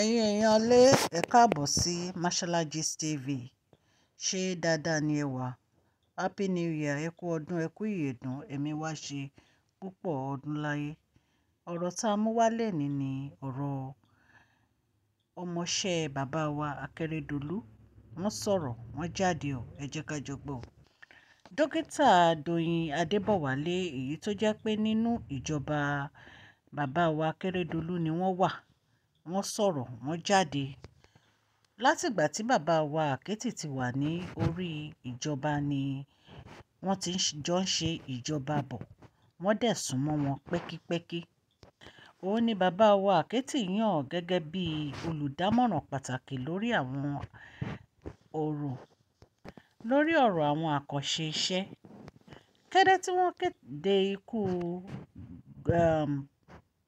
Ẹ̀yin èèyàn lé ẹ káàbọ̀ sí Mashola Gist TV. Ṣé dáadáa ni ẹ wà? Happy New Year, ẹ kú ọdún, ẹ kú ìyèdún, ẹ̀mí wá ṣe púpọ̀ ọdún láyé. Ọ̀rọ̀ tá a mú wá lẹ́ni ni ọ̀rọ̀ ọmọṣẹ́ bàbá wa Akérédolú. Wọ́n sọ̀rọ̀, wọ́n jáde ọ̀, ẹ jẹ́ ká jọ gbọ́. Dókítà Doyin Adébọ̀wálé èyí tó jẹ́ pé nínú ìjọba bàbá wa Akérédolú ni wọ́n wà wọ́n sọ̀rọ̀ wọ́n jáde látìgbà tí bàbá wa àkẹ́tì ti wà ní orí ìjọba ni wọ́n ti jọ ń ṣe ìjọba bọ̀ wọ́n dẹ̀ sún mọ́ wọn pẹ́kípẹ́kí òun ni bàbá wa àkẹ́tì yàn gẹ́gẹ́ bí olùdámọ̀ràn pàtàkì lórí àwọn ọ̀rọ̀ lórí ọ̀rọ̀ àwọn àkànṣe iṣẹ́ kẹ́dẹ́ tí wọ́n kéde ikú um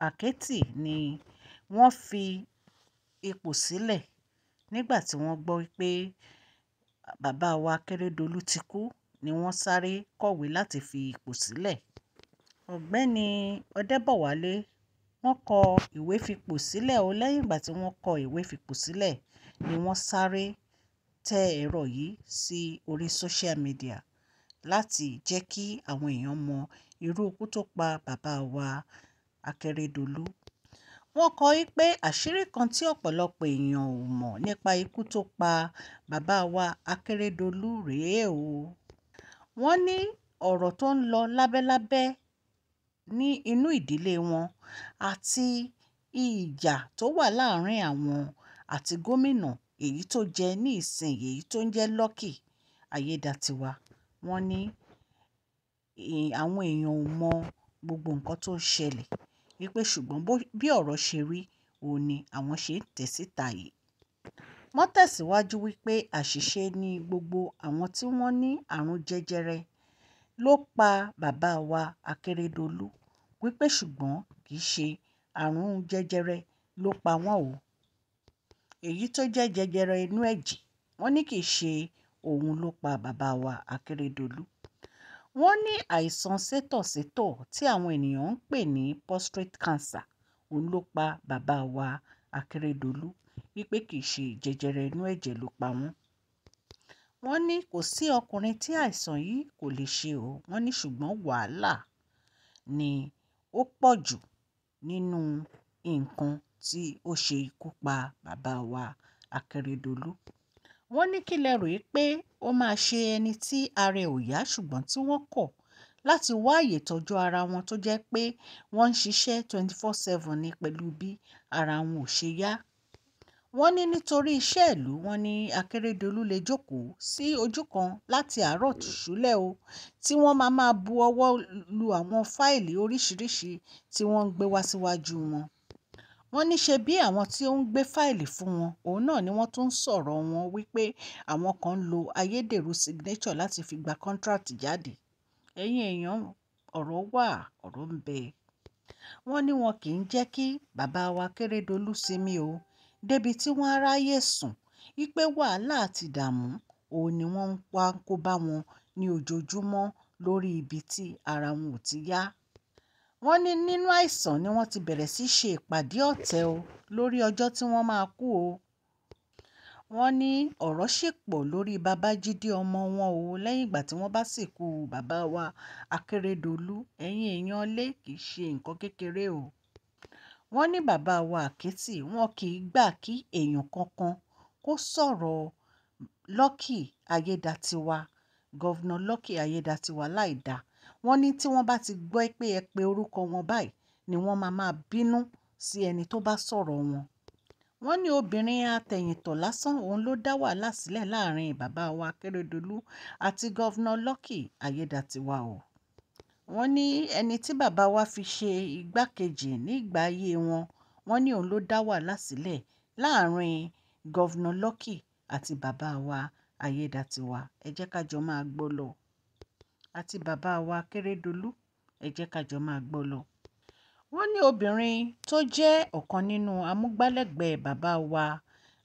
àkẹ́tì ni wọ́n fi ipò sílẹ̀ nígbà tí wọ́n gbọ́ pé bàbá wa akérèdọ́lù ti kú ni wọ́n sáré kọ̀wé láti fi ipò sílẹ̀ ọ̀gbẹ́ni ọdẹ́bọ̀wálé wọ́n kọ ìwé fipò sílẹ̀ o lẹ́yìn ìgbà tí wọ́n kọ ìwé fipò sílẹ̀ ni wọ́n sáré tẹ ẹ̀rọ yìí sí orí social media láti jẹ́ kí àwọn èèyàn mọ irú ikú tó pa bàbá wa akérèdọ́lù wọ́n kọ pé àṣírí kan tí ọ̀pọ̀lọpọ̀ èèyàn ò mọ̀ nípa ikú tó pa bàbá wa akérèdọ́lù rèé o wọ́n ní ọ̀rọ̀ tó ń lọ lábẹ́lábẹ́ ní inú ìdílé wọn àti ìjà tó wà láàrin àwọn àti gómìnà èyí tó jẹ ní ìsìn èyí tó ń jẹ́ Lucky Ayédàtiwa wọ́n ní àwọn èèyàn ò mọ gbogbo nǹkan tó ń ṣẹlẹ̀ wípé ṣùgbọ́n bí ọ̀rọ̀ ṣe rí òun ni àwọn ṣe ń tẹ̀ síta yìí. wọ́n tẹ̀síwájú wípé àṣìṣe ni gbogbo àwọn tí wọ́n ní àrùn jẹjẹrẹ ló pa bàbá wa akérèdọ́lù wípé ṣùgbọ́n kì í ṣe àrùn jẹjẹrẹ ló pa wọ́n o èyí tó jẹ́ jẹjẹrẹ inú ẹ̀jẹ̀ wọ́n ní kì í ṣe òun ló pa bàbá wa akérèdọ́lù wọ́n ní àìsàn sétọ̀sétọ̀ tí àwọn ènìyàn ń pè ní prostate cancer òun ló pa bàbá wa akérèdọ́lù wípé kì í ṣe jẹjẹrẹ inú ẹ̀jẹ̀ ló pa wọ́n wọ́n ní kò sí ọkùnrin tí àìsàn yìí kò lè ṣe o wọ́n ní ṣùgbọ́n wàhálà ni ó pọ̀ jù nínú nǹkan tí ó ṣe ikú pa bàbá wa akérèdọ́lù wọ́n ní kí lẹ rò pé ó máa ṣe ẹni tí ara ẹ̀ ò yá ṣùgbọ́n tí wọ́n kọ̀ láti wá àyè tọ́jú ara wọn tó jẹ́ pé wọ́n ń ṣiṣẹ́ twenty four seven ní pẹ̀lú bí ara wọn ò ṣe yá wọ́n ní nítorí iṣẹ́ ìlú wọn ní akérèdọ́lù lè jókòó sí ojú kan láti àárọ̀ tìṣúlẹ̀ o tí wọ́n máa máa bu ọwọ́ lu àwọn fáìlì oríṣiríṣiì tí wọ́n ń gbé wá síwájú wọn wọ́n ní ṣe bí àwọn tí ó ń gbé fáìlì fún wọn òun náà ni wọ́n tún ń sọ̀rọ̀ wọn wípé àwọn kan ń lo ayédèrú signature láti fi gba contract jáde ẹ̀yin èèyàn ọ̀rọ̀ wà ọ̀rọ̀ ń bẹ wọ́n ní wọn kì í jẹ́ kí bàbá wa Kérédolú sinmi o débi tí wọ́n á sùn wípé wàhálà àti ìdààmú òun ni wọ́n ń wá kó bá wọn ní ojoojúmọ́ lórí ibi tí ara wọn ò ti yá wọ́n ní nínú àìsàn ni wọ́n ti bẹ̀rẹ̀ sí í ṣe ìpàdé ọ̀tẹ̀ o lórí ọjọ́ tí wọ́n máa kú o wọ́n ní ọ̀rọ̀ ṣì pọ̀ lórí babájídé ọmọ wọn o lẹ́yìn ìgbà tí wọ́n bá sìnkú bàbá wa akérèdọ́lù ẹ̀yìn èèyàn lé kì í ṣe nǹkan kékeré o wọ́n ní bàbá wa àkẹ́tì wọn kì í gbà kí èèyàn kankan kó sọ̀rọ̀ Lucky Ayédàtiwa gọ́vnà Lucky Ayédàtiwa láì Wọ́n ní tí wọ́n bá ti gbọ́ pé ẹ pe orúkọ wọn báyìí ni wọ́n máa máa bínú sí ẹni tó bá sọ̀rọ̀ wọn. Wọ́n ní obìnrin atẹ̀yìntọ̀ lásán òun ló dá wàhálà sílẹ̀ láàrin bàbá wa Akérédolú àti Governor Lucky Ayédatiwa o. Wọ́n ní ẹni tí bàbá wa fi ṣe igbákejì nígbà ayé wọn, wọ́n ní òun ló dá wàhálà sílẹ̀ láàrin Governor Lucky àti bàbá wa Ayédatiwa. Ẹ jẹ́ ká jọ máa gbọ́ lọ àti bàbá wa akérèdọ́lù ẹ jẹ́ ká jọ máa gbọ́ lọ. wọ́n ní obìnrin tó jẹ́ ọ̀kan nínú amúgbálẹ́gbẹ̀ẹ́ bàbá wa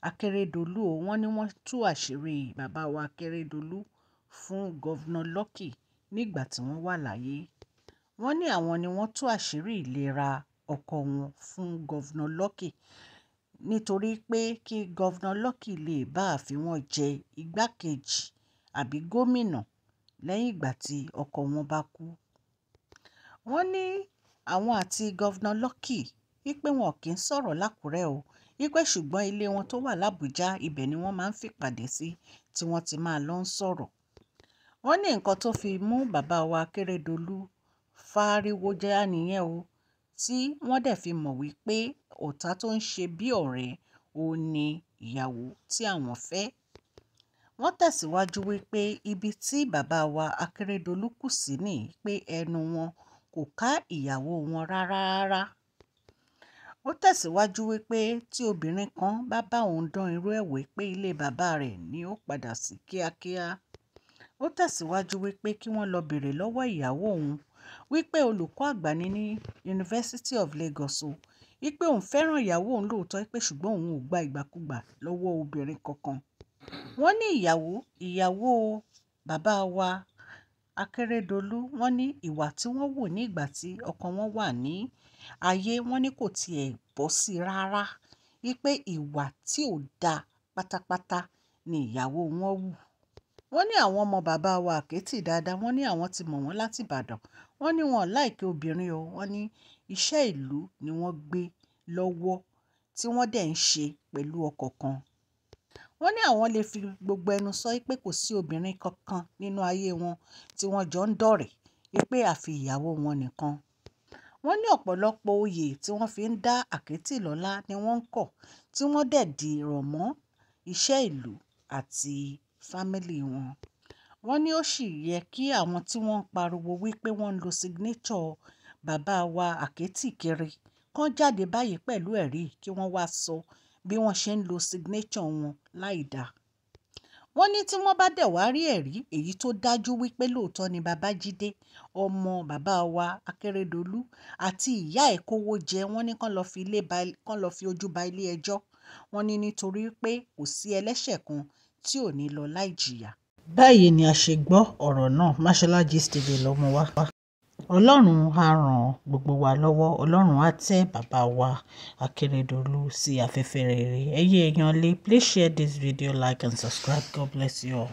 akérèdọ́lù wọ́n ní wọ́n tú àṣírí bàbá wa akérèdọ́lù fún gọ́vnà lucky nígbà tí wọ́n wà láyé wọ́n ní àwọn ni wọ́n tú àṣírí ìlera ọkọ wọn fún gọ́vnà lucky nítorí pé kí gọ́vnà lucky lè bá àfi wọn jẹ igbákejì àbí gómìnà lẹ́yìn ìgbà tí ọkọ wọn bá kú. wọ́n ní àwọn àti gọ́vnà Lucky wípé wọn kì í sọ̀rọ̀ lákùrẹ́ o wípé ṣùgbọ́n ilé wọn tó wà lábújá ibẹ̀ ni wọ́n máa ń fìpàdé sí tí wọ́n ti máa lọ ń sọ̀rọ̀. wọ́n ní nǹkan tó fi mú bàbá wa Akérédolú fáríwó jẹ́ nìyẹn o tí wọ́n dẹ̀ fi mọ̀ wípé ọ̀tá tó ń ṣe bí ọ̀rẹ́ òun ni ìyàwó tí àwọn fẹ́ wọ́n tẹ̀síwájú wípé ibi tí bàbá wa akérèdọ́lù kù sí ni pé ẹnu wọn kò ká ìyàwó wọn rárá ó tẹ̀síwájú wípé tí obìnrin kan bá bá òun dán irú ẹ̀ pé ilé bàbá rẹ̀ ni ó padà sí kíákíá ó tẹ̀síwájú wípé kí wọ́n lọ bèrè lọ́wọ́ ìyàwó òun wípé olùkọ́ àgbà ni ní University of Lagos o wípé òun fẹ́ràn ìyàwó òun lóòótọ́ pé ṣùgbọ́n òun ò gba ìgbàkúgbà lọ́wọ́ obìnrin kankan wọ́n ní ìyàwó ìyàwó bàbá wa akérèdọ́lù wọ́n ní ìwà tí wọ́n wò ní ìgbà tí ọkọ wọn wà ní ayé wọ́n ní kò tiẹ̀ bọ́ sí rárá wípé ìwà tí ò dáa pátápátá ni ìyàwó wọn wù wọ́n ní àwọn ọmọ bàbá wa àkẹ́tì dáadáa wọ́n ní àwọn ti mọ̀ wọ́n láti ìbàdàn wọ́n ní wọn láìkí obìnrin o wọ́n ní iṣẹ́ ìlú ni wọ́n gbé lọ́wọ́ tí wọ́n dẹ̀ ń ṣe pẹ̀lú ọkọ̀ kan ó ní àwọn lè fi gbogbo ẹnu sọ pé kò sí obìnrin kankan nínú ayé wọn tí wọ́n jọ ń dọ̀rẹ́ pé àfi ìyàwó wọn nìkan wọ́n ní ọ̀pọ̀lọpọ̀ oyè tí wọ́n fi ń dá àkẹ́tì lọ́lá ni wọ́n ń kọ̀ tí wọ́n dẹ̀ di rọ̀ mọ́ iṣẹ́ ìlú àti fámílì wọn wọ́n ní ó sì yẹ kí àwọn tí wọ́n ń pariwo wípé wọ́n ń lo signature bàbá wa àkẹ́tì kiri kan jáde báyìí pẹ̀lú ẹ̀rí kí wọ́n wá sọ bí wọ́n ṣe ń lo signature wọn láìdáa wọ́n ní tí wọ́n bá dẹ̀ wá rí ẹ̀rí èyí tó dájú wípé lóòótọ́ ni babájídé ọmọ bàbá wa akérèdọ́lù àti ìyá ẹ̀ kówó jẹ wọ́n ní kán lọ́ọ́ fi ojú ba ilé-ẹjọ́ wọ́n ní nítorí pé kò sí ẹlẹ́ṣẹ̀ kan tí ò ní lọ láì jìyà. báyìí ni a ṣe gbọ́ ọ̀rọ̀ náà mashola gist tv ló mú wá. Ọlọ́run á ran gbogbo wa lọ́wọ́. Ọlọ́run á tẹ bàbá wa Akérédolú sí afẹ́fẹ́ rere. Ẹyẹ èèyàn lè please share this video, like and subscribe. God bless you all.